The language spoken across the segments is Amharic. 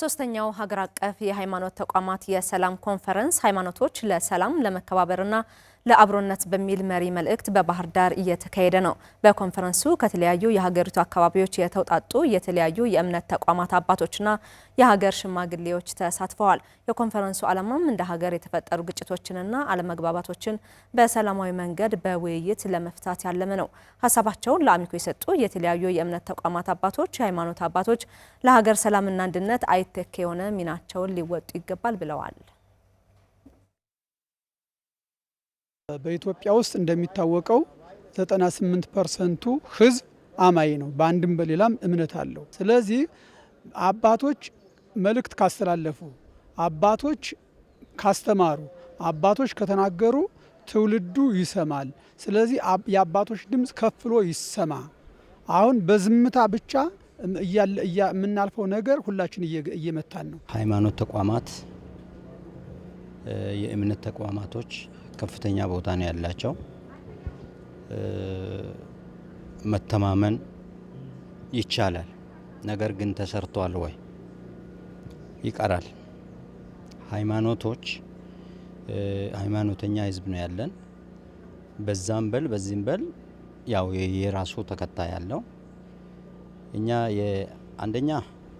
ሶስተኛው ሀገር አቀፍ የሃይማኖት ተቋማት የሰላም ኮንፈረንስ ሃይማኖቶች ለሰላም ለመከባበርና ለአብሮነት በሚል መሪ መልእክት በባህር ዳር እየተካሄደ ነው። በኮንፈረንሱ ከተለያዩ የሀገሪቱ አካባቢዎች የተውጣጡ የተለያዩ የእምነት ተቋማት አባቶችና የሀገር ሽማግሌዎች ተሳትፈዋል። የኮንፈረንሱ ዓላማም እንደ ሀገር የተፈጠሩ ግጭቶችንና አለመግባባቶችን በሰላማዊ መንገድ በውይይት ለመፍታት ያለመ ነው። ሀሳባቸውን ለአሚኮ የሰጡ የተለያዩ የእምነት ተቋማት አባቶች፣ የሃይማኖት አባቶች ለሀገር ሰላምና አንድነት አይተካ የሆነ ሚናቸውን ሊወጡ ይገባል ብለዋል። በኢትዮጵያ ውስጥ እንደሚታወቀው 98 ፐርሰንቱ ህዝብ አማኝ ነው፣ በአንድም በሌላም እምነት አለው። ስለዚህ አባቶች መልእክት ካስተላለፉ፣ አባቶች ካስተማሩ፣ አባቶች ከተናገሩ ትውልዱ ይሰማል። ስለዚህ የአባቶች ድምፅ ከፍሎ ይሰማ። አሁን በዝምታ ብቻ የምናልፈው ነገር ሁላችን እየመታን ነው። ሃይማኖት ተቋማት የእምነት ተቋማቶች ከፍተኛ ቦታ ነው ያላቸው። መተማመን ይቻላል። ነገር ግን ተሰርቷል ወይ? ይቀራል። ሃይማኖቶች ሃይማኖተኛ ህዝብ ነው ያለን። በዛም በል በዚህም በል ያው የራሱ ተከታይ ያለው እኛ አንደኛ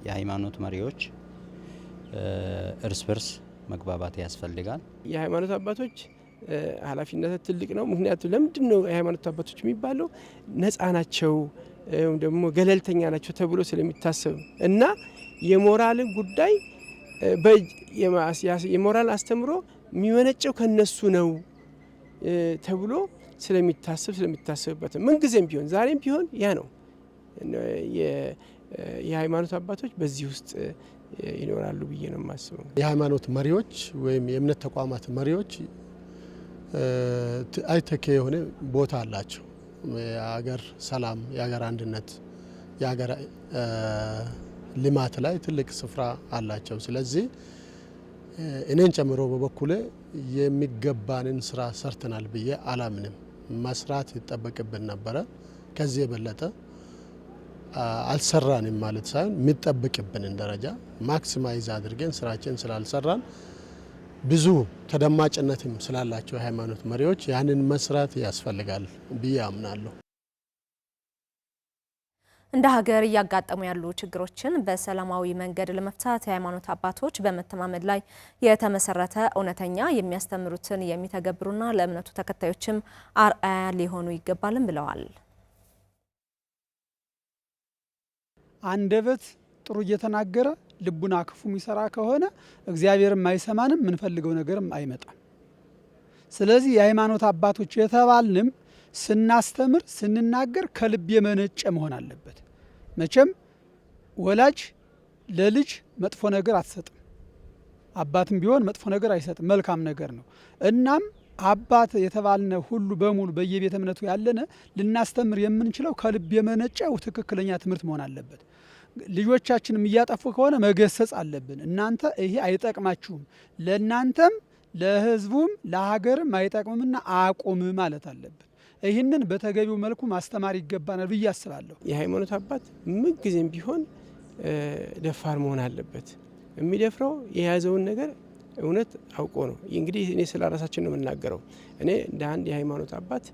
የሃይማኖት መሪዎች እርስ በርስ መግባባት ያስፈልጋል። የሃይማኖት አባቶች ኃላፊነት ትልቅ ነው። ምክንያቱም ለምንድን ነው የሃይማኖት አባቶች የሚባለው ነፃ ናቸው ወይም ደግሞ ገለልተኛ ናቸው ተብሎ ስለሚታሰብ እና የሞራልን ጉዳይ የሞራል አስተምሮ የሚመነጨው ከነሱ ነው ተብሎ ስለሚታሰብ ስለሚታሰብበት ምንጊዜም ቢሆን ዛሬም ቢሆን ያ ነው የሃይማኖት አባቶች በዚህ ውስጥ ይኖራሉ ብዬ ነው የማስበው። የሃይማኖት መሪዎች ወይም የእምነት ተቋማት መሪዎች አይተኬ የሆነ ቦታ አላቸው። የሀገር ሰላም፣ የሀገር አንድነት፣ የሀገር ልማት ላይ ትልቅ ስፍራ አላቸው። ስለዚህ እኔን ጨምሮ በበኩሌ የሚገባንን ስራ ሰርተናል ብዬ አላምንም። መስራት ይጠበቅብን ነበረ ከዚህ የበለጠ አልሰራንም ማለት ሳይሆን የሚጠበቅብንን ደረጃ ማክሲማይዝ አድርገን ስራችን ስላልሰራን ብዙ ተደማጭነትም ስላላቸው የሃይማኖት መሪዎች ያንን መስራት ያስፈልጋል ብዬ አምናለሁ። እንደ ሀገር እያጋጠሙ ያሉ ችግሮችን በሰላማዊ መንገድ ለመፍታት የሃይማኖት አባቶች በመተማመን ላይ የተመሰረተ እውነተኛ የሚያስተምሩትን የሚተገብሩና ለእምነቱ ተከታዮችም አርአያ ሊሆኑ ይገባልም ብለዋል። አንደበት ጥሩ እየተናገረ ልቡና ክፉ የሚሰራ ከሆነ እግዚአብሔርም አይሰማንም፣ የምንፈልገው ነገርም አይመጣም። ስለዚህ የሃይማኖት አባቶች የተባልንም ስናስተምር፣ ስንናገር ከልብ የመነጨ መሆን አለበት። መቼም ወላጅ ለልጅ መጥፎ ነገር አትሰጥም። አባትም ቢሆን መጥፎ ነገር አይሰጥም፣ መልካም ነገር ነው። እናም አባት የተባልነ ሁሉ በሙሉ በየቤተ እምነቱ ያለነ ልናስተምር የምንችለው ከልብ የመነጨው ትክክለኛ ትምህርት መሆን አለበት። ልጆቻችንም እያጠፉ ከሆነ መገሰጽ አለብን። እናንተ ይሄ አይጠቅማችሁም፣ ለእናንተም ለህዝቡም ለሀገርም አይጠቅምምና አቁም ማለት አለብን። ይህንን በተገቢው መልኩ ማስተማር ይገባናል ብዬ አስባለሁ። የሃይማኖት አባት ምን ጊዜም ቢሆን ደፋር መሆን አለበት። የሚደፍረው የያዘውን ነገር እውነት አውቆ ነው። እንግዲህ እኔ ስለ ራሳችን ነው የምናገረው። እኔ እንደ አንድ የሃይማኖት አባት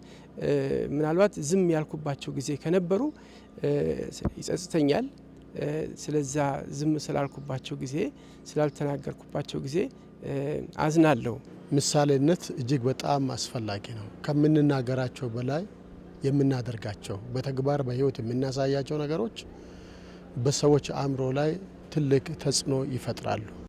ምናልባት ዝም ያልኩባቸው ጊዜ ከነበሩ ይጸጽተኛል። ስለዛ ዝም ስላልኩባቸው ጊዜ፣ ስላልተናገርኩባቸው ጊዜ አዝናለሁ። ምሳሌነት እጅግ በጣም አስፈላጊ ነው። ከምንናገራቸው በላይ የምናደርጋቸው በተግባር በህይወት የምናሳያቸው ነገሮች በሰዎች አእምሮ ላይ ትልቅ ተጽዕኖ ይፈጥራሉ።